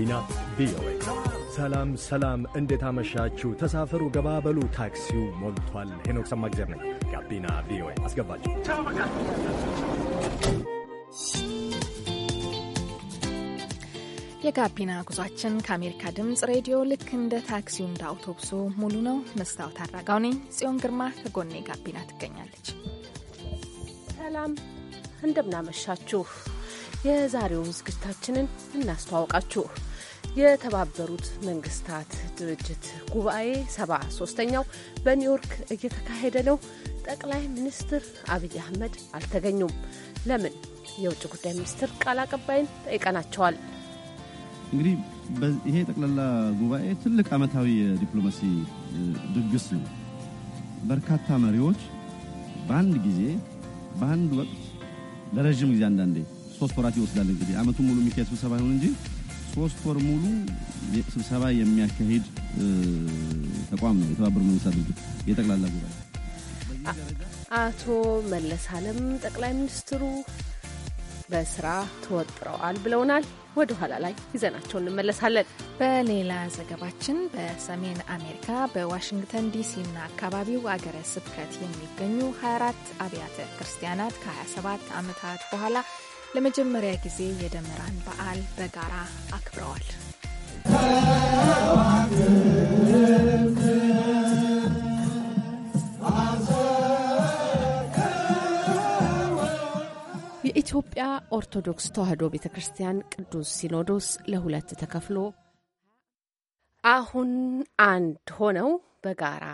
ጋቢና ቪኦኤ። ሰላም ሰላም፣ እንዴት አመሻችሁ? ተሳፈሩ፣ ገባበሉ፣ ታክሲው ሞልቷል። ሄኖክ ሰማግዜር ነኝ። ጋቢና ቪኦኤ አስገባችሁ። የጋቢና ጉዟችን ከአሜሪካ ድምፅ ሬዲዮ ልክ እንደ ታክሲው እንደ አውቶቡሱ ሙሉ ነው። መስታወት አድራጋው ነኝ ጽዮን ግርማ ከጎኔ ጋቢና ትገኛለች። ሰላም እንደምናመሻችሁ። የዛሬው ዝግጅታችንን እናስተዋውቃችሁ። የተባበሩት መንግስታት ድርጅት ጉባኤ ሰባ ሶስተኛው በኒውዮርክ እየተካሄደ ነው። ጠቅላይ ሚኒስትር አብይ አህመድ አልተገኙም። ለምን? የውጭ ጉዳይ ሚኒስትር ቃል አቀባይን ጠይቀናቸዋል። እንግዲህ ይሄ ጠቅላላ ጉባኤ ትልቅ ዓመታዊ የዲፕሎማሲ ድግስ ነው። በርካታ መሪዎች በአንድ ጊዜ በአንድ ወቅት ለረዥም ጊዜ አንዳንዴ ሶስት ወራት ይወስዳል። እንግዲህ ዓመቱን ሙሉ የሚካሄድ ስብሰባ ይሆን እንጂ ሶስት ወር ሙሉ ስብሰባ የሚያካሂድ ተቋም ነው የተባበሩት መንግስታት ድርጅት የጠቅላላ ጉባኤ። አቶ መለስ አለም ጠቅላይ ሚኒስትሩ በስራ ተወጥረዋል ብለውናል። ወደ ኋላ ላይ ይዘናቸው እንመለሳለን። በሌላ ዘገባችን በሰሜን አሜሪካ በዋሽንግተን ዲሲና አካባቢው አገረ ስብከት የሚገኙ 24 አብያተ ክርስቲያናት ከ27 ዓመታት በኋላ ለመጀመሪያ ጊዜ የደመራን በዓል በጋራ አክብረዋል። የኢትዮጵያ ኦርቶዶክስ ተዋሕዶ ቤተ ክርስቲያን ቅዱስ ሲኖዶስ ለሁለት ተከፍሎ አሁን አንድ ሆነው በጋራ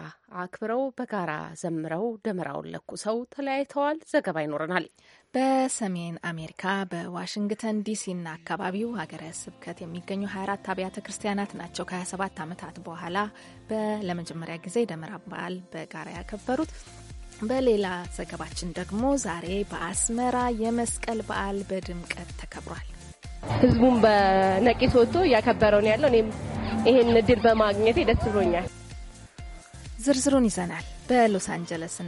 አክብረው በጋራ ዘምረው ደመራውን ለኩሰው ተለያይተዋል። ዘገባ ይኖረናል። በሰሜን አሜሪካ በዋሽንግተን ዲሲና አካባቢው ሀገረ ስብከት የሚገኙ 24 አብያተ ክርስቲያናት ናቸው ከ27 ዓመታት በኋላ ለመጀመሪያ ጊዜ ደመራ በዓል በጋራ ያከበሩት። በሌላ ዘገባችን ደግሞ ዛሬ በአስመራ የመስቀል በዓል በድምቀት ተከብሯል። ህዝቡም በነቂስ ወጥቶ እያከበረው ነው ያለው። እኔም ይህን እድል በማግኘቴ ደስ ብሎኛል። ዝርዝሩን ይዘናል። በሎስ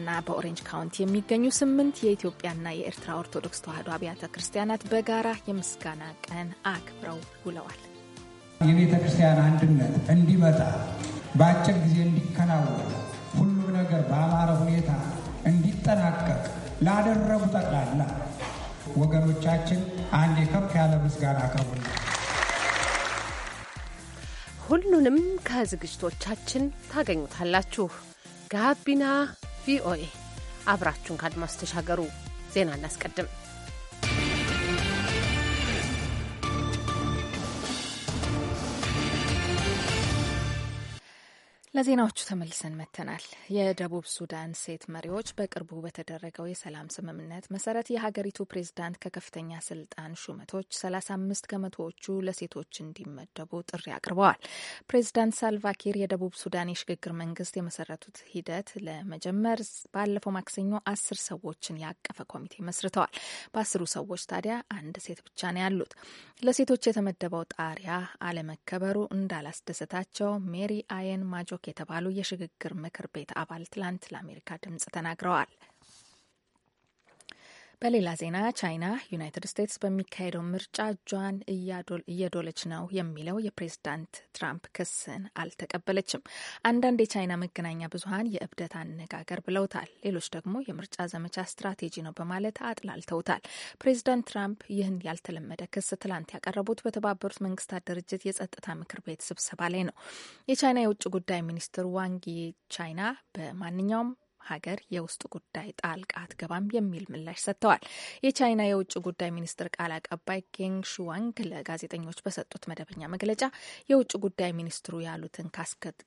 ና በኦሬንጅ ካውንቲ የሚገኙ ስምንት የኢትዮጵያና የኤርትራ ኦርቶዶክስ ተዋሕዶ አብያተ ክርስቲያናት በጋራ የምስጋና ቀን አክብረው ውለዋል። የቤተ ክርስቲያን አንድነት እንዲመጣ በአጭር ጊዜ እንዲከናወን ሁሉም ነገር በአማረ ሁኔታ እንዲጠናቀቅ ላደረጉ ጠቅላላ ወገኖቻችን አንድ ከፍ ያለ ምስጋና አቅርቡና ሁሉንም ከዝግጅቶቻችን ታገኙታላችሁ። ጋቢና ቪኦኤ አብራችሁን ከአድማስ ተሻገሩ። ዜና እናስቀድም። ለዜናዎቹ ተመልሰን መጥተናል። የደቡብ ሱዳን ሴት መሪዎች በቅርቡ በተደረገው የሰላም ስምምነት መሰረት የሀገሪቱ ፕሬዝዳንት ከከፍተኛ ስልጣን ሹመቶች 35 ከመቶዎቹ ለሴቶች እንዲመደቡ ጥሪ አቅርበዋል። ፕሬዝዳንት ሳልቫኪር የደቡብ ሱዳን የሽግግር መንግስት የመሰረቱት ሂደት ለመጀመር ባለፈው ማክሰኞ አስር ሰዎችን ያቀፈ ኮሚቴ መስርተዋል። በአስሩ ሰዎች ታዲያ አንድ ሴት ብቻ ነው ያሉት። ለሴቶች የተመደበው ጣሪያ አለመከበሩ እንዳላስደሰታቸው ሜሪ አየን ማጆኬ የተባሉ የሽግግር ምክር ቤት አባል ትላንት ለአሜሪካ ድምጽ ተናግረዋል። በሌላ ዜና ቻይና ዩናይትድ ስቴትስ በሚካሄደው ምርጫ እጇን እየዶለች ነው የሚለው የፕሬዝዳንት ትራምፕ ክስን አልተቀበለችም። አንዳንድ የቻይና መገናኛ ብዙኃን የእብደት አነጋገር ብለውታል። ሌሎች ደግሞ የምርጫ ዘመቻ ስትራቴጂ ነው በማለት አጥላልተውታል። ፕሬዝዳንት ትራምፕ ይህን ያልተለመደ ክስ ትላንት ያቀረቡት በተባበሩት መንግስታት ድርጅት የጸጥታ ምክር ቤት ስብሰባ ላይ ነው። የቻይና የውጭ ጉዳይ ሚኒስትር ዋንጊ ቻይና በማንኛውም ሀገር የውስጥ ጉዳይ ጣልቃ አትገባም የሚል ምላሽ ሰጥተዋል። የቻይና የውጭ ጉዳይ ሚኒስትር ቃል አቀባይ ጌንግ ሹዋንግ ለጋዜጠኞች በሰጡት መደበኛ መግለጫ የውጭ ጉዳይ ሚኒስትሩ ያሉትን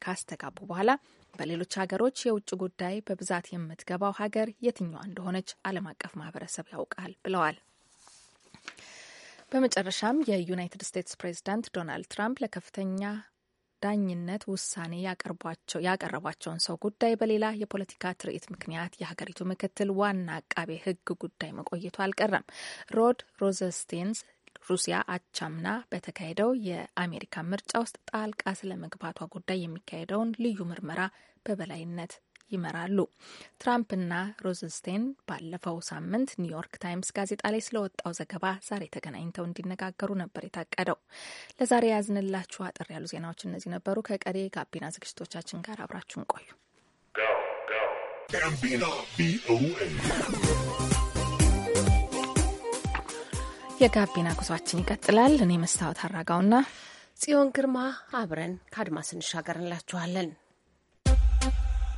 ካስተጋቡ በኋላ በሌሎች ሀገሮች የውጭ ጉዳይ በብዛት የምትገባው ሀገር የትኛዋ እንደሆነች ዓለም አቀፍ ማህበረሰብ ያውቃል ብለዋል። በመጨረሻም የዩናይትድ ስቴትስ ፕሬዚዳንት ዶናልድ ትራምፕ ለከፍተኛ ዳኝነት ውሳኔ ያቀረቧቸውን ሰው ጉዳይ በሌላ የፖለቲካ ትርኢት ምክንያት የሀገሪቱ ምክትል ዋና አቃቤ ሕግ ጉዳይ መቆየቱ አልቀረም። ሮድ ሮዘስቴንስ ሩሲያ አቻምና በተካሄደው የአሜሪካ ምርጫ ውስጥ ጣልቃ ስለመግባቷ ጉዳይ የሚካሄደውን ልዩ ምርመራ በበላይነት ይመራሉ። ትራምፕና ሮዝንስቴን ባለፈው ሳምንት ኒውዮርክ ታይምስ ጋዜጣ ላይ ስለወጣው ዘገባ ዛሬ ተገናኝተው እንዲነጋገሩ ነበር የታቀደው። ለዛሬ ያዝንላችሁ አጠር ያሉ ዜናዎች እነዚህ ነበሩ። ከቀሪ ጋቢና ዝግጅቶቻችን ጋር አብራችሁን ቆዩ። የጋቢና ጉዟችን ይቀጥላል። እኔ መስታወት አራጋውና ጽዮን ግርማ አብረን ከአድማስ እንሻገርንላችኋለን።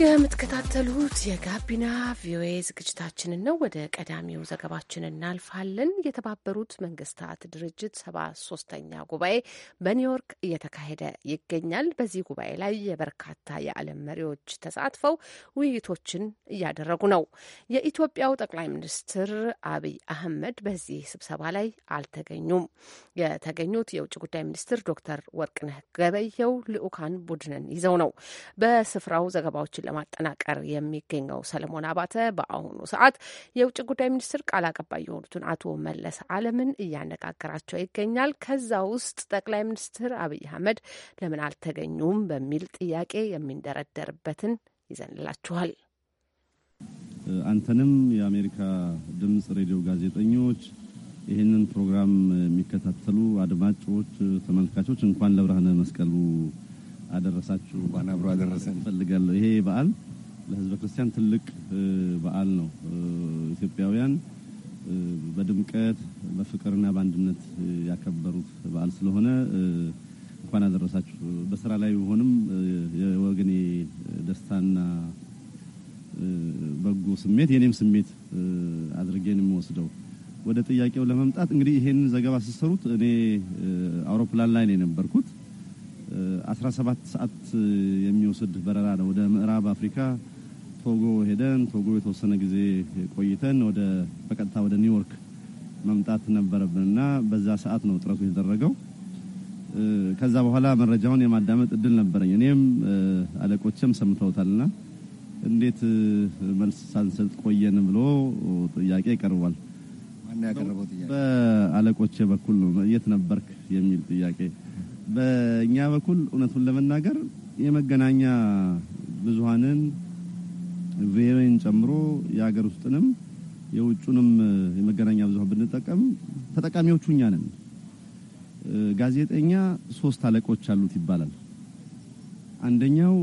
የምትከታተሉት የጋቢና ቪኦኤ ዝግጅታችንን ነው። ወደ ቀዳሚው ዘገባችን እናልፋለን። የተባበሩት መንግስታት ድርጅት ሰባ ሶስተኛ ጉባኤ በኒውዮርክ እየተካሄደ ይገኛል። በዚህ ጉባኤ ላይ የበርካታ የዓለም መሪዎች ተሳትፈው ውይይቶችን እያደረጉ ነው። የኢትዮጵያው ጠቅላይ ሚኒስትር አብይ አህመድ በዚህ ስብሰባ ላይ አልተገኙም። የተገኙት የውጭ ጉዳይ ሚኒስትር ዶክተር ወርቅነህ ገበየው ልዑካን ቡድንን ይዘው ነው። በስፍራው ዘገባዎችን ለማጠናቀር የሚገኘው ሰለሞን አባተ በአሁኑ ሰዓት የውጭ ጉዳይ ሚኒስትር ቃል አቀባይ የሆኑትን አቶ መለስ አለምን እያነጋገራቸው ይገኛል። ከዛ ውስጥ ጠቅላይ ሚኒስትር አብይ አህመድ ለምን አልተገኙም በሚል ጥያቄ የሚንደረደርበትን ይዘንላችኋል። አንተንም የአሜሪካ ድምፅ ሬዲዮ ጋዜጠኞች ይህንን ፕሮግራም የሚከታተሉ አድማጮች፣ ተመልካቾች እንኳን ለብርሃነ መስቀሉ አደረሳችሁ። እንኳን አብሮ አደረሰን ፈልጋለሁ። ይሄ በዓል ለህዝበ ክርስቲያን ትልቅ በዓል ነው። ኢትዮጵያውያን በድምቀት በፍቅርና በአንድነት ያከበሩት በዓል ስለሆነ እንኳን አደረሳችሁ። በስራ ላይ ቢሆንም የወገኔ ደስታና በጎ ስሜት የኔም ስሜት አድርጌን የሚወስደው ወደ ጥያቄው ለመምጣት እንግዲህ ይሄንን ዘገባ ስሰሩት እኔ አውሮፕላን ላይ ነው የነበርኩት። 17 ሰዓት የሚወስድ በረራ ነው። ወደ ምዕራብ አፍሪካ ቶጎ ሄደን ቶጎ የተወሰነ ጊዜ ቆይተን ወደ በቀጥታ ወደ ኒውዮርክ መምጣት ነበረብን እና በዛ ሰዓት ነው ጥረቱ የተደረገው። ከዛ በኋላ መረጃውን የማዳመጥ እድል ነበረኝ። እኔም አለቆችም ሰምተውታልና እንዴት መልስ ሳንሰጥ ቆየን ብሎ ጥያቄ ይቀርቧል። በአለቆቼ በኩል ነው የት ነበርክ የሚል ጥያቄ በእኛ በኩል እውነቱን ለመናገር የመገናኛ ብዙሃንን ቪኦኤን ጨምሮ የሀገር ውስጥንም የውጩንም የመገናኛ ብዙሃን ብንጠቀም ተጠቃሚዎቹ እኛ ነን። ጋዜጠኛ ሶስት አለቆች አሉት ይባላል። አንደኛው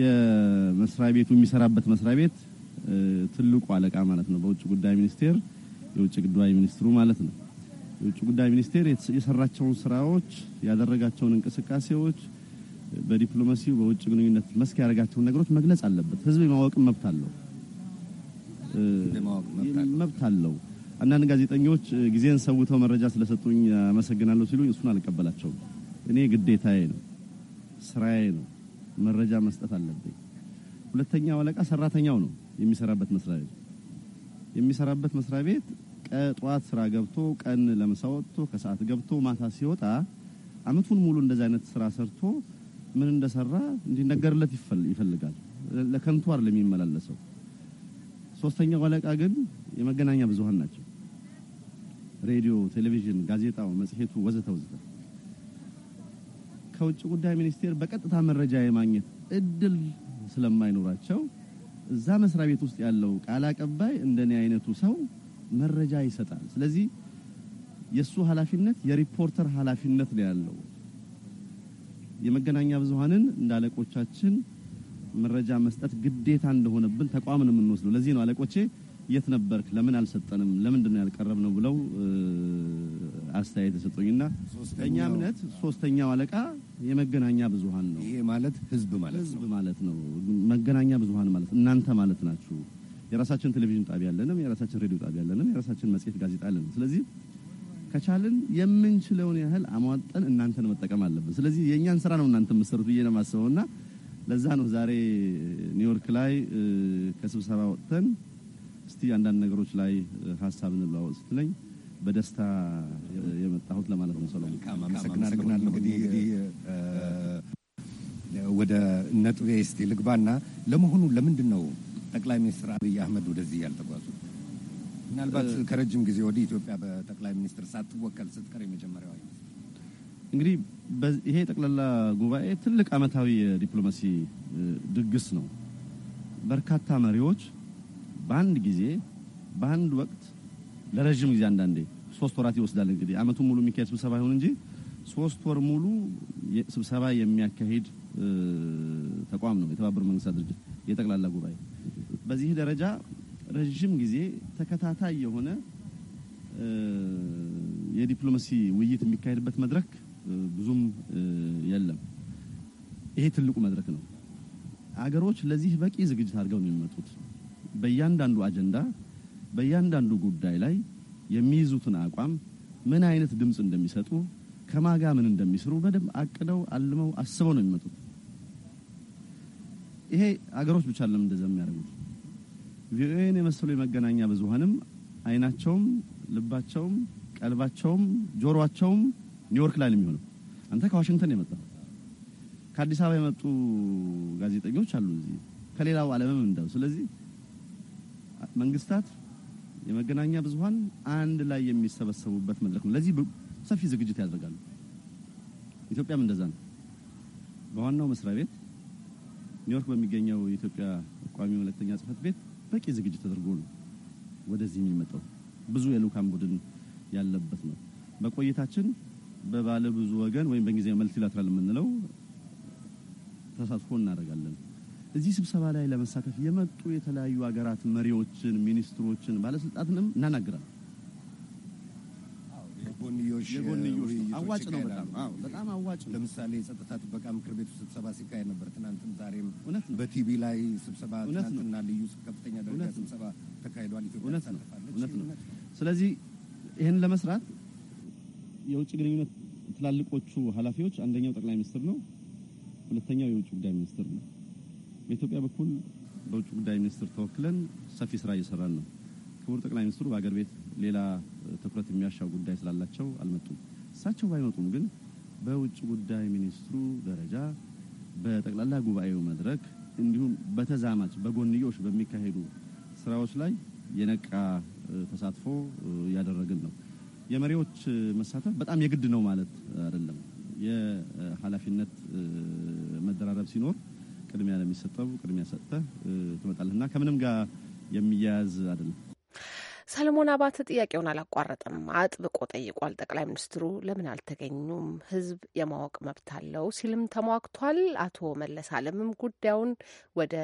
የመስሪያ ቤቱ የሚሰራበት መስሪያ ቤት ትልቁ አለቃ ማለት ነው። በውጭ ጉዳይ ሚኒስቴር የውጭ ጉዳይ ሚኒስትሩ ማለት ነው። የውጭ ጉዳይ ሚኒስቴር የሰራቸውን ስራዎች ያደረጋቸውን እንቅስቃሴዎች በዲፕሎማሲው በውጭ ግንኙነት መስክ ያደረጋቸውን ነገሮች መግለጽ አለበት። ህዝብ የማወቅ መብት አለው መብት አለው። አንዳንድ ጋዜጠኞች ጊዜን ሰውተው መረጃ ስለሰጡኝ አመሰግናለሁ ሲሉኝ እሱን አልቀበላቸውም። እኔ ግዴታዬ ነው፣ ስራዬ ነው፣ መረጃ መስጠት አለብኝ። ሁለተኛ ወለቃ ሰራተኛው ነው የሚሰራበት መስሪያ ቤት የሚሰራበት መስሪያ ቤት ከጠዋት ስራ ገብቶ ቀን ለምሳ ወጥቶ ከሰዓት ገብቶ ማታ ሲወጣ አመቱን ሙሉ እንደዚህ አይነት ስራ ሰርቶ ምን እንደሰራ እንዲነገርለት ይፈልጋል። ለከንቱ አይደለም የሚመላለሰው። ሶስተኛው አለቃ ግን የመገናኛ ብዙሃን ናቸው። ሬዲዮ፣ ቴሌቪዥን፣ ጋዜጣው፣ መጽሔቱ ወዘተ ወዘተ ከውጭ ጉዳይ ሚኒስቴር በቀጥታ መረጃ የማግኘት እድል ስለማይኖራቸው እዛ መስሪያ ቤት ውስጥ ያለው ቃል አቀባይ እንደኔ አይነቱ ሰው መረጃ ይሰጣል። ስለዚህ የሱ ኃላፊነት የሪፖርተር ኃላፊነት ነው ያለው። የመገናኛ ብዙሃንን እንደ አለቆቻችን መረጃ መስጠት ግዴታ እንደሆነብን ተቋም ነው የምንወስደው። ለዚህ ነው አለቆቼ የት ነበርክ፣ ለምን አልሰጠንም፣ ለምንድን ነው ያልቀረብነው ብለው አስተያየት የሰጡኝና ሶስተኛ እምነት ሶስተኛው አለቃ የመገናኛ ብዙሃን ነው። ይሄ ማለት ህዝብ ማለት ነው። መገናኛ ብዙሃን ማለት እናንተ ማለት ናችሁ። የራሳችን ቴሌቪዥን ጣቢያ አለንም፣ የራሳችን ሬዲዮ ጣቢያ አለንም፣ የራሳችን መጽሔት ጋዜጣ አለንም። ስለዚህ ከቻልን የምንችለውን ያህል አሟጠን እናንተን መጠቀም አለብን። ስለዚህ የእኛን ስራ ነው እናንተ የምትሰሩት ብዬ ነው የማስበው እና ለዛ ነው ዛሬ ኒውዮርክ ላይ ከስብሰባ ወጥተን እስቲ አንዳንድ ነገሮች ላይ ሀሳብ እንለዋወጥ ስትለኝ በደስታ የመጣሁት ለማለት ነው። ሰሎሞን አመሰግናለሁ። እንግዲህ ወደ ነጥቤ እስቲ ልግባና ለመሆኑ ለምንድን ነው ጠቅላይ ሚኒስትር አብይ አህመድ ወደዚህ ያልተጓዙ ምናልባት ከረጅም ጊዜ ወዲህ ኢትዮጵያ በጠቅላይ ሚኒስትር ሳትወከል ስትቀር የመጀመሪያው እንግዲህ ይሄ ጠቅላላ ጉባኤ ትልቅ ዓመታዊ የዲፕሎማሲ ድግስ ነው። በርካታ መሪዎች በአንድ ጊዜ በአንድ ወቅት ለረዥም ጊዜ አንዳንዴ ሶስት ወራት ይወስዳል። እንግዲህ አመቱ ሙሉ የሚካሄድ ስብሰባ ይሁን እንጂ ሶስት ወር ሙሉ ስብሰባ የሚያካሂድ ተቋም ነው የተባበሩት መንግስታት ድርጅት የጠቅላላ ጉባኤ። በዚህ ደረጃ ረዥም ጊዜ ተከታታይ የሆነ የዲፕሎማሲ ውይይት የሚካሄድበት መድረክ ብዙም የለም። ይሄ ትልቁ መድረክ ነው። አገሮች ለዚህ በቂ ዝግጅት አድርገው ነው የሚመጡት። በእያንዳንዱ አጀንዳ፣ በእያንዳንዱ ጉዳይ ላይ የሚይዙትን አቋም፣ ምን አይነት ድምፅ እንደሚሰጡ፣ ከማጋ ምን እንደሚስሩ በደንብ አቅደው አልመው አስበው ነው የሚመጡት። ይሄ አገሮች ብቻ ለምን እንደዛ የሚያደርጉት ቪኦኤን የመሰሉ የመገናኛ ብዙሀንም አይናቸውም ልባቸውም ቀልባቸውም ጆሮቸውም ኒውዮርክ ላይ ነው የሚሆነው። አንተ ከዋሽንግተን የመጣ ከአዲስ አበባ የመጡ ጋዜጠኞች አሉ እዚህ ከሌላው ዓለምም እንደው። ስለዚህ መንግስታት የመገናኛ ብዙሀን አንድ ላይ የሚሰበሰቡበት መድረክ ነው። ለዚህ ሰፊ ዝግጅት ያደርጋሉ። ኢትዮጵያም እንደዛ ነው። በዋናው መስሪያ ቤት ኒውዮርክ በሚገኘው የኢትዮጵያ ቋሚ መልእክተኛ ጽህፈት ቤት በቂ ዝግጅት ተደርጎ ነው ወደዚህ የሚመጣው። ብዙ የልዑካን ቡድን ያለበት ነው። በቆይታችን በባለ ብዙ ወገን ወይም በእንግሊዝኛ መልቲላትራል የምንለው ተሳትፎ እናደርጋለን። እዚህ ስብሰባ ላይ ለመሳተፍ የመጡ የተለያዩ ሀገራት መሪዎችን፣ ሚኒስትሮችን፣ ባለስልጣትንም እናናግራለን። የጎንዮሽ አዋጭ ነው። በጣም በጣም አዋጭ ነው። ለምሳሌ የጸጥታ ጥበቃ ምክር ቤቱ ስብሰባ ሲካሄድ ነበር፣ ትናንትም ዛሬም በቲቪ ላይ ስብሰባ፣ ትናንትና ልዩ ከፍተኛ ደረጃ ስብሰባ ተካሂዷል። ኢትዮጵያ እውነት ነው። ስለዚህ ይህን ለመስራት የውጭ ግንኙነት ትላልቆቹ ኃላፊዎች አንደኛው ጠቅላይ ሚኒስትር ነው፣ ሁለተኛው የውጭ ጉዳይ ሚኒስትር ነው። በኢትዮጵያ በኩል በውጭ ጉዳይ ሚኒስትር ተወክለን ሰፊ ስራ እየሰራን ነው። ክቡር ጠቅላይ ሚኒስትሩ በሀገር ቤት ሌላ ትኩረት የሚያሻው ጉዳይ ስላላቸው አልመጡም። እሳቸው ባይመጡም ግን በውጭ ጉዳይ ሚኒስትሩ ደረጃ በጠቅላላ ጉባኤው መድረክ እንዲሁም በተዛማች በጎንዮሽ በሚካሄዱ ስራዎች ላይ የነቃ ተሳትፎ እያደረግን ነው። የመሪዎች መሳተፍ በጣም የግድ ነው ማለት አይደለም። የኃላፊነት መደራረብ ሲኖር ቅድሚያ ለሚሰጠው ቅድሚያ ሰጥተህ ትመጣለህ እና ከምንም ጋር የሚያያዝ አይደለም። ሰለሞን አባተ ጥያቄውን አላቋረጠም፣ አጥብቆ ጠይቋል። ጠቅላይ ሚኒስትሩ ለምን አልተገኙም? ህዝብ የማወቅ መብት አለው ሲልም ተሟግቷል። አቶ መለስ አለምም ጉዳዩን ወደ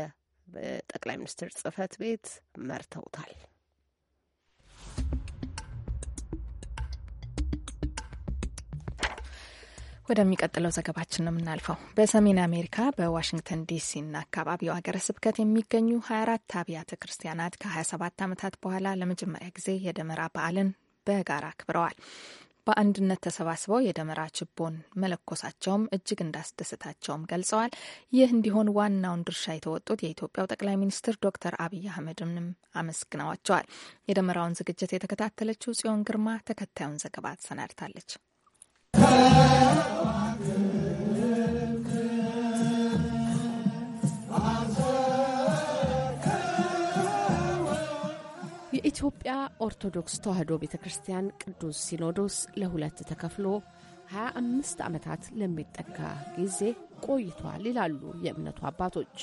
ጠቅላይ ሚኒስትር ጽህፈት ቤት መርተውታል። ወደሚቀጥለው ዘገባችን ነው የምናልፈው። በሰሜን አሜሪካ በዋሽንግተን ዲሲና አካባቢው ሀገረ ስብከት የሚገኙ 24 አብያተ ክርስቲያናት ከ27 ዓመታት በኋላ ለመጀመሪያ ጊዜ የደመራ በዓልን በጋራ አክብረዋል። በአንድነት ተሰባስበው የደመራ ችቦን መለኮሳቸውም እጅግ እንዳስደሰታቸውም ገልጸዋል። ይህ እንዲሆን ዋናውን ድርሻ የተወጡት የኢትዮጵያው ጠቅላይ ሚኒስትር ዶክተር አብይ አህመድንም አመስግነዋቸዋል። የደመራውን ዝግጅት የተከታተለችው ጽዮን ግርማ ተከታዩን ዘገባ ተሰናድታለች። የኢትዮጵያ ኦርቶዶክስ ተዋሕዶ ቤተ ክርስቲያን ቅዱስ ሲኖዶስ ለሁለት ተከፍሎ 25 ዓመታት ለሚጠጋ ጊዜ ቆይቷል ይላሉ የእምነቱ አባቶች።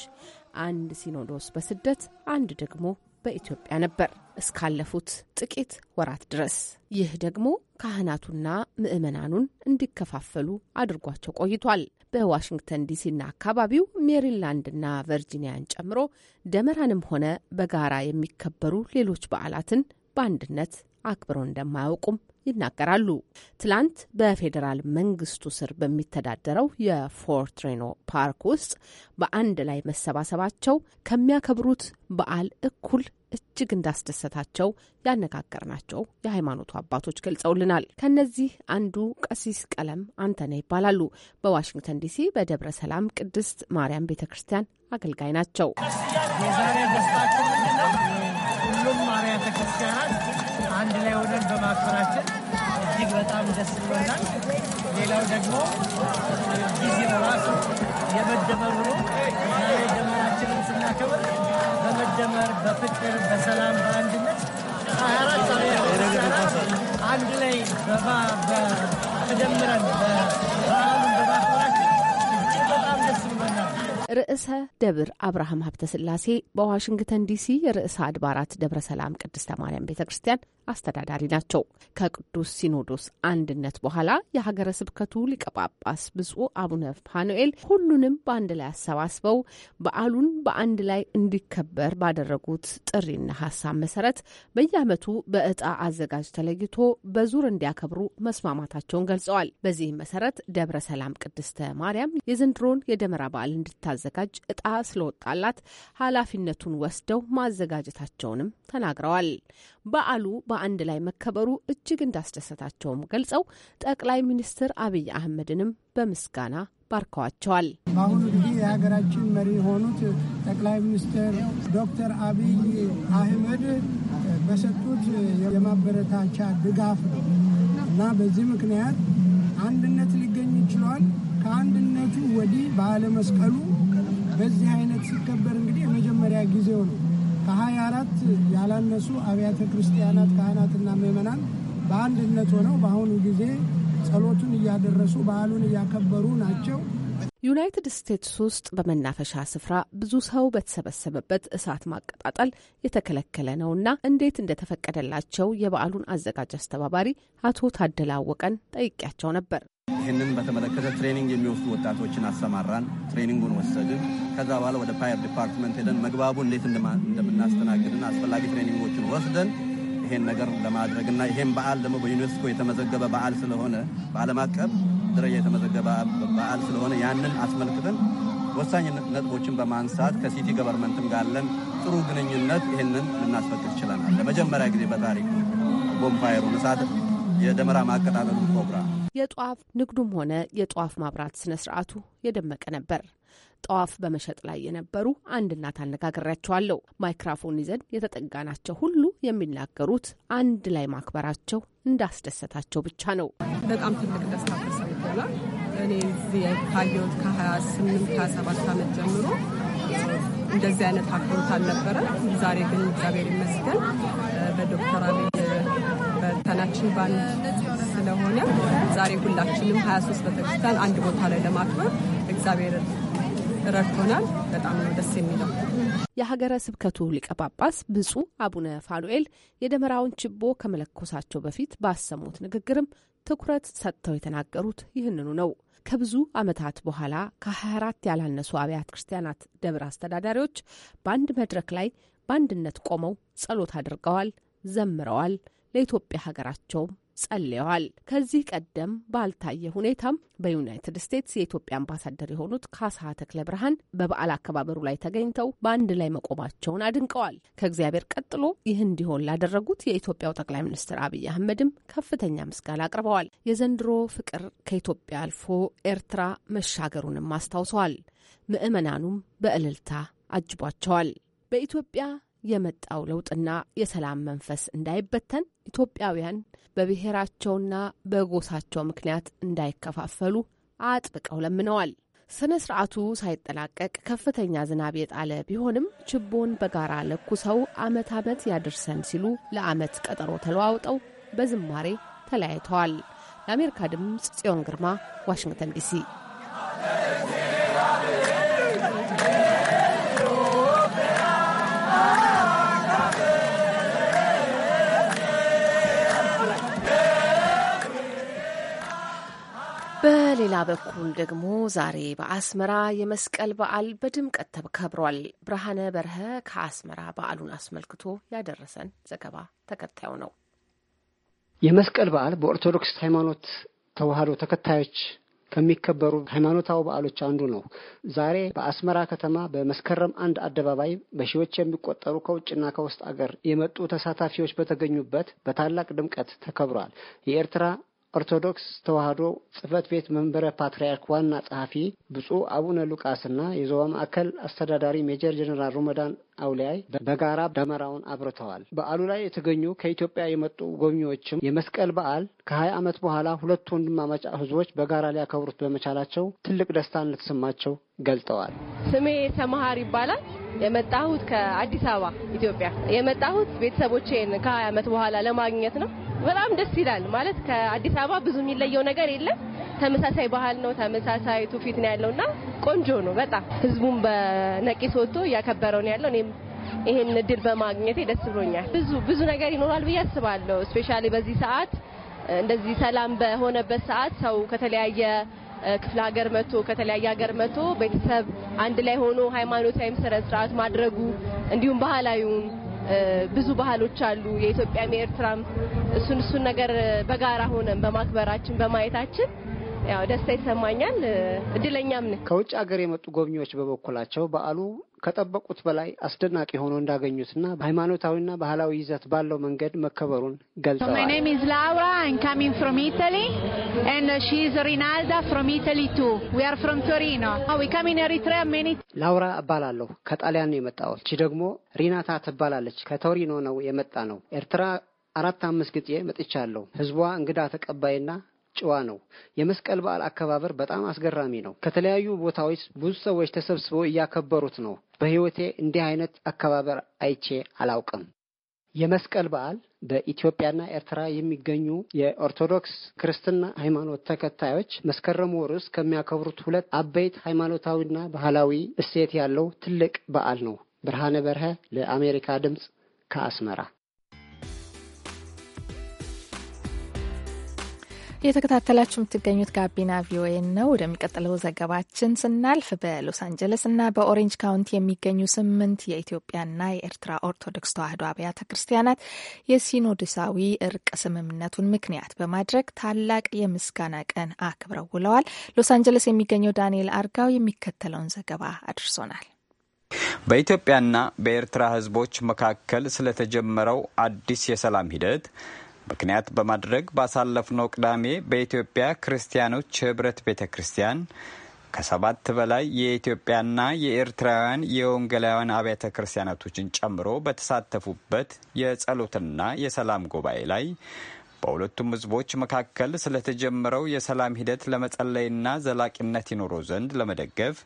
አንድ ሲኖዶስ በስደት አንድ ደግሞ በኢትዮጵያ ነበር እስካለፉት ጥቂት ወራት ድረስ። ይህ ደግሞ ካህናቱና ምዕመናኑን እንዲከፋፈሉ አድርጓቸው ቆይቷል። በዋሽንግተን ዲሲና አካባቢው ሜሪላንድና ቨርጂኒያን ጨምሮ ደመራንም ሆነ በጋራ የሚከበሩ ሌሎች በዓላትን በአንድነት አክብረው እንደማያውቁም ይናገራሉ። ትላንት በፌዴራል መንግስቱ ስር በሚተዳደረው የፎርትሬኖ ፓርክ ውስጥ በአንድ ላይ መሰባሰባቸው ከሚያከብሩት በዓል እኩል እጅግ እንዳስደሰታቸው ያነጋገርናቸው የሃይማኖቱ አባቶች ገልጸውልናል። ከነዚህ አንዱ ቀሲስ ቀለም አንተነ ይባላሉ። በዋሽንግተን ዲሲ በደብረ ሰላም ቅድስት ማርያም ቤተ ክርስቲያን አገልጋይ ናቸው። የዛሬ ደስታችን ሁሉም አብያተ ክርስቲያናት አንድ ላይ ሆነን በማክበራችን እጅግ በጣም ደስ ብሎናል። ሌላው ደግሞ ጊዜ ራሱ የመደመሩ ነው። ዛሬ ደመራችንን ስናከብር በመደመር በፍቅር በሰላም በአንድነት አራት አንድ ላይ ተደምረን ርዕሰ ደብር አብርሃም ሀብተ ስላሴ በዋሽንግተን ዲሲ የርዕሰ አድባራት ደብረ ሰላም ቅድስተ ማርያም ቤተ ክርስቲያን አስተዳዳሪ ናቸው። ከቅዱስ ሲኖዶስ አንድነት በኋላ የሀገረ ስብከቱ ሊቀ ጳጳስ ብፁዕ አቡነ ፋኑኤል ሁሉንም በአንድ ላይ አሰባስበው በዓሉን በአንድ ላይ እንዲከበር ባደረጉት ጥሪና ሀሳብ መሰረት በየዓመቱ በእጣ አዘጋጅ ተለይቶ በዙር እንዲያከብሩ መስማማታቸውን ገልጸዋል። በዚህም መሰረት ደብረ ሰላም ቅድስተ ማርያም የዘንድሮን የደመራ በዓል እንድታዘ እንድታዘጋጅ እጣ ስለወጣላት ኃላፊነቱን ወስደው ማዘጋጀታቸውንም ተናግረዋል። በዓሉ በአንድ ላይ መከበሩ እጅግ እንዳስደሰታቸውም ገልጸው ጠቅላይ ሚኒስትር አብይ አህመድንም በምስጋና ባርከዋቸዋል። በአሁኑ ጊዜ የሀገራችን መሪ የሆኑት ጠቅላይ ሚኒስትር ዶክተር አብይ አህመድ በሰጡት የማበረታቻ ድጋፍ ነው እና በዚህ ምክንያት አንድነት ሊገኝ ይችሏል። ከአንድነቱ ወዲህ በዓለ በዚህ አይነት ሲከበር እንግዲህ የመጀመሪያ ጊዜው ነው። ከሀያ አራት ያላነሱ አብያተ ክርስቲያናት ካህናትና ምዕመናን በአንድነት ሆነው በአሁኑ ጊዜ ጸሎቱን እያደረሱ በዓሉን እያከበሩ ናቸው። ዩናይትድ ስቴትስ ውስጥ በመናፈሻ ስፍራ ብዙ ሰው በተሰበሰበበት እሳት ማቀጣጠል የተከለከለ ነውና እንዴት እንደተፈቀደላቸው የበዓሉን አዘጋጅ አስተባባሪ አቶ ታደላ አወቀን ጠይቄያቸው ነበር። ይህንን በተመለከተ ትሬኒንግ የሚወስዱ ወጣቶችን አሰማራን። ትሬኒንጉን ወሰድን። ከዛ በኋላ ወደ ፋየር ዲፓርትመንት ሄደን መግባቡ እንዴት እንደምናስተናግድና አስፈላጊ ትሬኒንጎችን ወስደን ይሄን ነገር ለማድረግ እና ይሄን በዓል ደግሞ በዩኔስኮ የተመዘገበ በዓል ስለሆነ በዓለም አቀፍ ደረጃ የተመዘገበ በዓል ስለሆነ ያንን አስመልክተን ወሳኝ ነጥቦችን በማንሳት ከሲቲ ገቨርንመንትም ጋር ጥሩ ግንኙነት ይህንን ልናስፈቅድ ችለናል። ለመጀመሪያ ጊዜ በታሪክ ቦምፋየሩን እሳት የደመራ ማቀጣጠሉ ፕሮግራም የጧፍ ንግዱም ሆነ የጧፍ ማብራት ስነ ስርዓቱ የደመቀ ነበር። ጠዋፍ በመሸጥ ላይ የነበሩ አንድ እናት አነጋግሬያቸዋለሁ። ማይክራፎን ይዘን የተጠጋናቸው ሁሉ የሚናገሩት አንድ ላይ ማክበራቸው እንዳስደሰታቸው ብቻ ነው። በጣም ትልቅ ደስታ ተሰምቶናል። እኔ እዚህ ካየሁት ከ28 ከ27 ዓመት ጀምሮ እንደዚህ አይነት አክብሮት አልነበረ። ዛሬ ግን እግዚአብሔር ይመስገን በዶክተር አብይ ቤተክርስቲያናችን በአንድ ስለሆነ ዛሬ ሁላችንም 23 ቤተክርስቲያን አንድ ቦታ ላይ ለማክበር እግዚአብሔር ረድቶናል። በጣም ነው ደስ የሚለው። የሀገረ ስብከቱ ሊቀ ጳጳስ ብፁዕ አቡነ ፋኑኤል የደመራውን ችቦ ከመለኮሳቸው በፊት ባሰሙት ንግግርም ትኩረት ሰጥተው የተናገሩት ይህንኑ ነው። ከብዙ ዓመታት በኋላ ከ24 ያላነሱ አብያተ ክርስቲያናት ደብር አስተዳዳሪዎች በአንድ መድረክ ላይ በአንድነት ቆመው ጸሎት አድርገዋል፣ ዘምረዋል፣ ለኢትዮጵያ ሀገራቸው ጸልየዋል። ከዚህ ቀደም ባልታየ ሁኔታም በዩናይትድ ስቴትስ የኢትዮጵያ አምባሳደር የሆኑት ካሳ ተክለ ብርሃን በበዓል አከባበሩ ላይ ተገኝተው በአንድ ላይ መቆማቸውን አድንቀዋል። ከእግዚአብሔር ቀጥሎ ይህ እንዲሆን ላደረጉት የኢትዮጵያው ጠቅላይ ሚኒስትር አብይ አህመድም ከፍተኛ ምስጋና አቅርበዋል። የዘንድሮ ፍቅር ከኢትዮጵያ አልፎ ኤርትራ መሻገሩንም አስታውሰዋል። ምዕመናኑም በእልልታ አጅቧቸዋል። በኢትዮጵያ የመጣው ለውጥና የሰላም መንፈስ እንዳይበተን ኢትዮጵያውያን በብሔራቸውና በጎሳቸው ምክንያት እንዳይከፋፈሉ አጥብቀው ለምነዋል። ስነ ስርዓቱ ሳይጠላቀቅ ከፍተኛ ዝናብ የጣለ ቢሆንም ችቦን በጋራ ለኩሰው አመት አመት ያድርሰን ሲሉ ለአመት ቀጠሮ ተለዋውጠው በዝማሬ ተለያይተዋል። ለአሜሪካ ድምፅ ጽዮን ግርማ ዋሽንግተን ዲሲ። በሌላ በኩል ደግሞ ዛሬ በአስመራ የመስቀል በዓል በድምቀት ተከብሯል። ብርሃነ በርሀ ከአስመራ በዓሉን አስመልክቶ ያደረሰን ዘገባ ተከታዩ ነው። የመስቀል በዓል በኦርቶዶክስ ሃይማኖት ተዋህዶ ተከታዮች ከሚከበሩ ሃይማኖታዊ በዓሎች አንዱ ነው። ዛሬ በአስመራ ከተማ በመስከረም አንድ አደባባይ በሺዎች የሚቆጠሩ ከውጭና ከውስጥ አገር የመጡ ተሳታፊዎች በተገኙበት በታላቅ ድምቀት ተከብሯል። የኤርትራ ኦርቶዶክስ ተዋሕዶ ጽሕፈት ቤት መንበረ ፓትርያርክ ዋና ጸሐፊ ብፁዕ አቡነ ሉቃስና የዞባ ማዕከል አስተዳዳሪ ሜጀር ጀኔራል ሩመዳን አውሊያይ በጋራ ደመራውን አብርተዋል። በዓሉ ላይ የተገኙ ከኢትዮጵያ የመጡ ጎብኚዎችም የመስቀል በዓል ከሀያ ዓመት በኋላ ሁለቱ ወንድማመጫ ሕዝቦች በጋራ ሊያከብሩት በመቻላቸው ትልቅ ደስታ እንደተሰማቸው ገልጠዋል። ስሜ ሰመሃር ይባላል። የመጣሁት ከአዲስ አበባ ኢትዮጵያ የመጣሁት ቤተሰቦቼን ከሀያ ዓመት በኋላ ለማግኘት ነው። በጣም ደስ ይላል። ማለት ከአዲስ አበባ ብዙ የሚለየው ነገር የለም። ተመሳሳይ ባህል ነው፣ ተመሳሳይ ትውፊት ነው ያለውና ቆንጆ ነው በጣም ህዝቡም በነቂስ ወጥቶ እያከበረው ነው ያለው። እኔም ይሄን እድል በማግኘቴ ደስ ብሎኛል። ብዙ ብዙ ነገር ይኖራል ብዬ አስባለሁ። እስፔሻሊ በዚህ ሰዓት እንደዚህ ሰላም በሆነበት ሰዓት ሰው ከተለያየ ክፍለ ሀገር መጥቶ ከተለያየ ሀገር መጥቶ ቤተሰብ አንድ ላይ ሆኖ ሃይማኖታዊም ስነ ስርዓት ማድረጉ እንዲሁም ባህላዊውን ብዙ ባህሎች አሉ የኢትዮጵያም የኤርትራም። እሱን እሱን ነገር በጋራ ሆነን በማክበራችን በማየታችን ያው ደስታ ይሰማኛል። እድለኛም ነኝ። ከውጭ ሀገር የመጡ ጎብኚዎች በበኩላቸው በዓሉ ከጠበቁት በላይ አስደናቂ ሆኖ እንዳገኙትና በሃይማኖታዊና ባህላዊ ይዘት ባለው መንገድ መከበሩን ገልጸዋል። ላውራ oh, እባላለሁ ከጣሊያን ነው የመጣሁት። ቺ ደግሞ ሪናታ ትባላለች ከቶሪኖ ነው የመጣ ነው። ኤርትራ አራት አምስት ጊዜ መጥቻለሁ። ህዝቧ እንግዳ ተቀባይና ጭዋ ነው። የመስቀል በዓል አከባበር በጣም አስገራሚ ነው። ከተለያዩ ቦታዎች ብዙ ሰዎች ተሰብስበው እያከበሩት ነው። በሕይወቴ እንዲህ አይነት አከባበር አይቼ አላውቅም። የመስቀል በዓል በኢትዮጵያና ኤርትራ የሚገኙ የኦርቶዶክስ ክርስትና ሃይማኖት ተከታዮች መስከረም ወር ውስጥ ከሚያከብሩት ሁለት አበይት ሃይማኖታዊና ባህላዊ እሴት ያለው ትልቅ በዓል ነው። ብርሃነ በርሀ ለአሜሪካ ድምፅ ከአስመራ እየተከታተላችሁ የምትገኙት ጋቢና ቪኦኤ ነው። ወደሚቀጥለው ዘገባችን ስናልፍ በሎስ አንጀለስ እና በኦሬንጅ ካውንቲ የሚገኙ ስምንት የኢትዮጵያና የኤርትራ ኦርቶዶክስ ተዋሕዶ አብያተ ክርስቲያናት የሲኖዲሳዊ እርቅ ስምምነቱን ምክንያት በማድረግ ታላቅ የምስጋና ቀን አክብረው ውለዋል። ሎስ አንጀለስ የሚገኘው ዳንኤል አርጋው የሚከተለውን ዘገባ አድርሶናል። በኢትዮጵያና በኤርትራ ሕዝቦች መካከል ስለተጀመረው አዲስ የሰላም ሂደት ምክንያት በማድረግ ባሳለፍነው ቅዳሜ በኢትዮጵያ ክርስቲያኖች ህብረት ቤተ ክርስቲያን ከሰባት በላይ የኢትዮጵያና የኤርትራውያን የወንጌላውያን አብያተ ክርስቲያናቶችን ጨምሮ በተሳተፉበት የጸሎትና የሰላም ጉባኤ ላይ በሁለቱም ህዝቦች መካከል ስለተጀመረው የሰላም ሂደት ለመጸለይና ዘላቂነት ይኖረው ዘንድ ለመደገፍ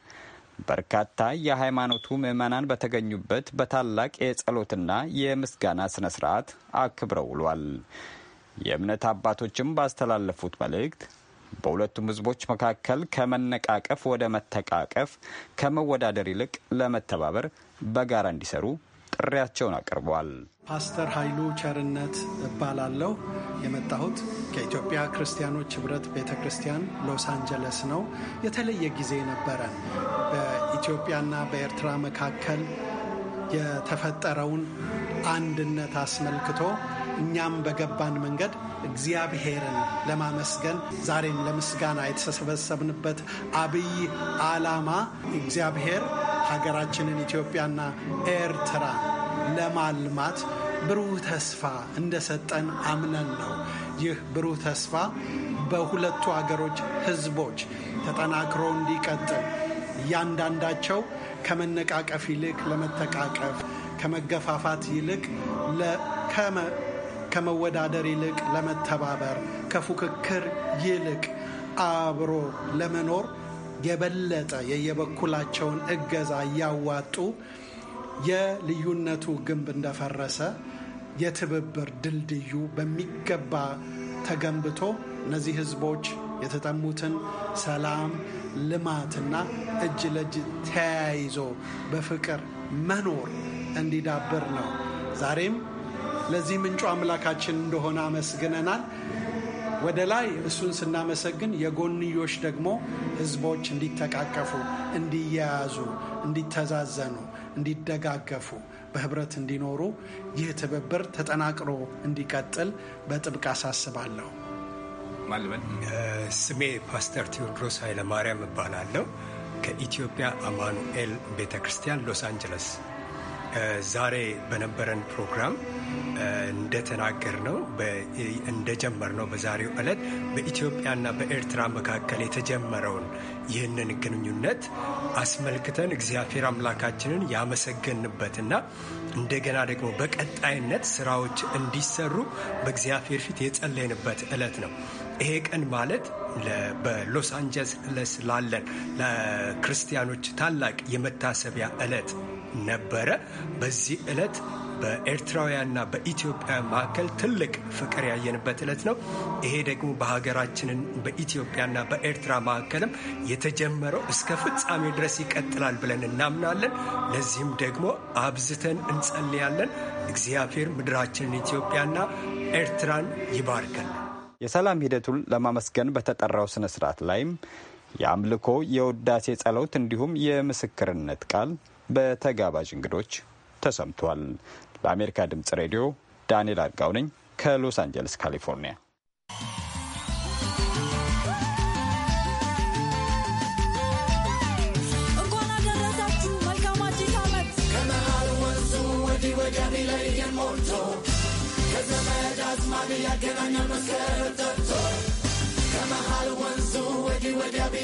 በርካታ የሃይማኖቱ ምዕመናን በተገኙበት በታላቅ የጸሎትና የምስጋና ስነ ስርዓት አክብረው ውሏል። የእምነት አባቶችም ባስተላለፉት መልእክት በሁለቱም ህዝቦች መካከል ከመነቃቀፍ ወደ መተቃቀፍ፣ ከመወዳደር ይልቅ ለመተባበር በጋራ እንዲሰሩ ጥሪያቸውን አቅርቧል። ፓስተር ኃይሉ ቸርነት እባላለሁ። የመጣሁት ከኢትዮጵያ ክርስቲያኖች ህብረት ቤተ ክርስቲያን ሎስ አንጀለስ ነው። የተለየ ጊዜ ነበረ። በኢትዮጵያና በኤርትራ መካከል የተፈጠረውን አንድነት አስመልክቶ እኛም በገባን መንገድ እግዚአብሔርን ለማመስገን ዛሬን ለምስጋና የተሰበሰብንበት አብይ ዓላማ እግዚአብሔር ሀገራችንን ኢትዮጵያና ኤርትራ ለማልማት ብሩህ ተስፋ እንደሰጠን አምነን ነው። ይህ ብሩህ ተስፋ በሁለቱ ሀገሮች ህዝቦች ተጠናክሮ እንዲቀጥል እያንዳንዳቸው ከመነቃቀፍ ይልቅ ለመተቃቀፍ፣ ከመገፋፋት ይልቅ ከመወዳደር ይልቅ ለመተባበር፣ ከፉክክር ይልቅ አብሮ ለመኖር የበለጠ የየበኩላቸውን እገዛ እያዋጡ የልዩነቱ ግንብ እንደፈረሰ የትብብር ድልድዩ በሚገባ ተገንብቶ እነዚህ ህዝቦች የተጠሙትን ሰላም፣ ልማትና እጅ ለእጅ ተያይዞ በፍቅር መኖር እንዲዳብር ነው። ዛሬም ለዚህ ምንጩ አምላካችን እንደሆነ አመስግነናል። ወደ ላይ እሱን ስናመሰግን የጎንዮሽ ደግሞ ህዝቦች እንዲተቃቀፉ፣ እንዲያያዙ፣ እንዲተዛዘኑ፣ እንዲደጋገፉ በህብረት እንዲኖሩ ይህ ትብብር ተጠናቅሮ እንዲቀጥል በጥብቅ አሳስባለሁ። ማልበል ስሜ ፓስተር ቴዎድሮስ ኃይለማርያም እባላለሁ ከኢትዮጵያ አማኑኤል ቤተ ክርስቲያን ሎስ አንጀለስ ዛሬ በነበረን ፕሮግራም እንደተናገር ነው እንደጀመር ነው በዛሬው ዕለት በኢትዮጵያና በኤርትራ መካከል የተጀመረውን ይህንን ግንኙነት አስመልክተን እግዚአብሔር አምላካችንን ያመሰገንበትና እንደገና ደግሞ በቀጣይነት ስራዎች እንዲሰሩ በእግዚአብሔር ፊት የጸለይንበት ዕለት ነው። ይሄ ቀን ማለት በሎስ አንጀለስ ላለን ለክርስቲያኖች ታላቅ የመታሰቢያ ዕለት ነበረ። በዚህ ዕለት በኤርትራውያንና በኢትዮጵያ መካከል ትልቅ ፍቅር ያየንበት ዕለት ነው። ይሄ ደግሞ በሀገራችንን በኢትዮጵያና በኤርትራ መካከልም የተጀመረው እስከ ፍጻሜ ድረስ ይቀጥላል ብለን እናምናለን። ለዚህም ደግሞ አብዝተን እንጸልያለን። እግዚአብሔር ምድራችንን ኢትዮጵያና ኤርትራን ይባርከል። የሰላም ሂደቱን ለማመስገን በተጠራው ስነ ስርዓት ላይም የአምልኮ የውዳሴ ጸሎት እንዲሁም የምስክርነት ቃል በተጋባዥ እንግዶች ተሰምቷል። ለአሜሪካ ድምጽ ሬዲዮ ዳንኤል አርጋው ነኝ ከሎስ አንጀለስ ካሊፎርኒያ። Come on, Hollywood, so we do what they be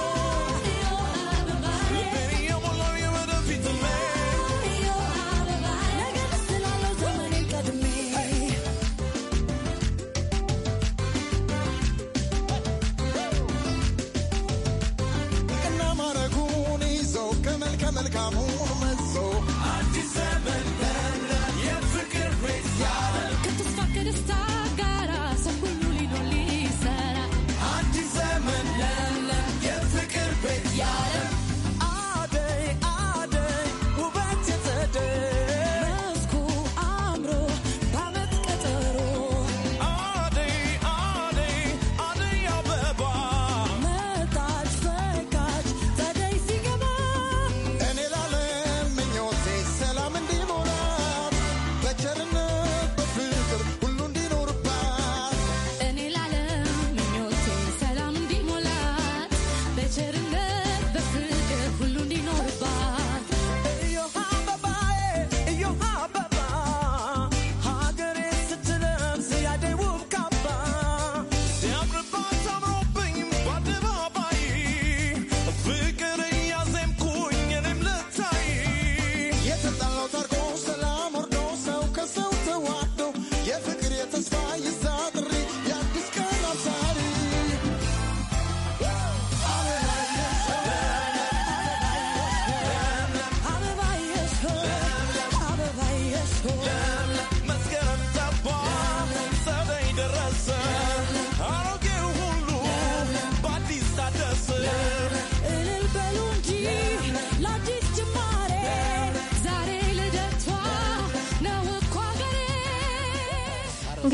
seven.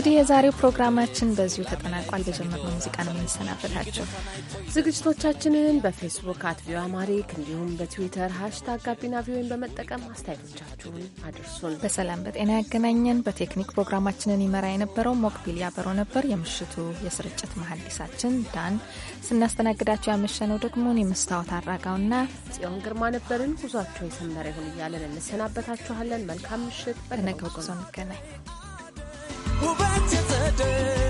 እንግዲህ የዛሬው ፕሮግራማችን በዚሁ ተጠናቋል። በጀመርነው ሙዚቃ ነው የምንሰናበታቸው። ዝግጅቶቻችንን በፌስቡክ አት ቪዮ አማሪክ እንዲሁም በትዊተር ሀሽታግ ጋቢና ቪዮን በመጠቀም አስተያየቶቻችሁን አድርሱን። በሰላም በጤና ያገናኘን። በቴክኒክ ፕሮግራማችንን ይመራ የነበረው ሞክቢል ያበሮ ነበር። የምሽቱ የስርጭት መሀንዲሳችን ዳን፣ ስናስተናግዳቸው ያመሸነው ደግሞ መስታወት አራጋውና ጽዮን ግርማ ነበርን። ጉዟቸው የሰመረ ይሁን እያለን እንሰናበታችኋለን። መልካም ምሽት። በነገው ጉዞ እንገናኝ። ውበት የተደ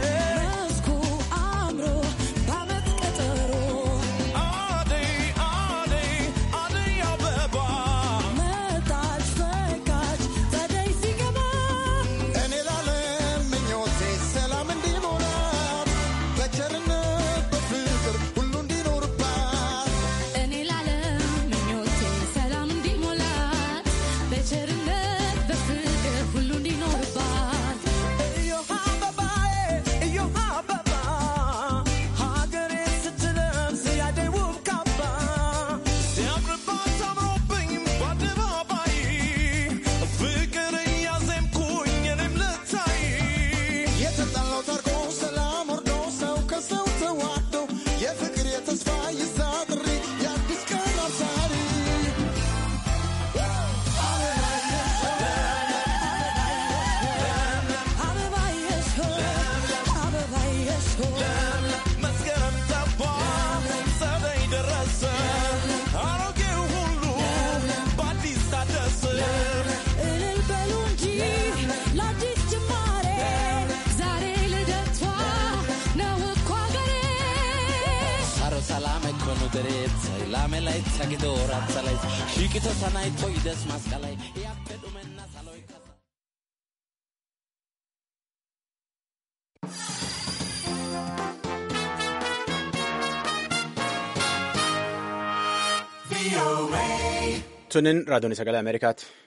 ናይ ኮይደስ ማስቀላይ ያከዱመና ሳሎይ tunin raadiyoon sagalee ameerikaati.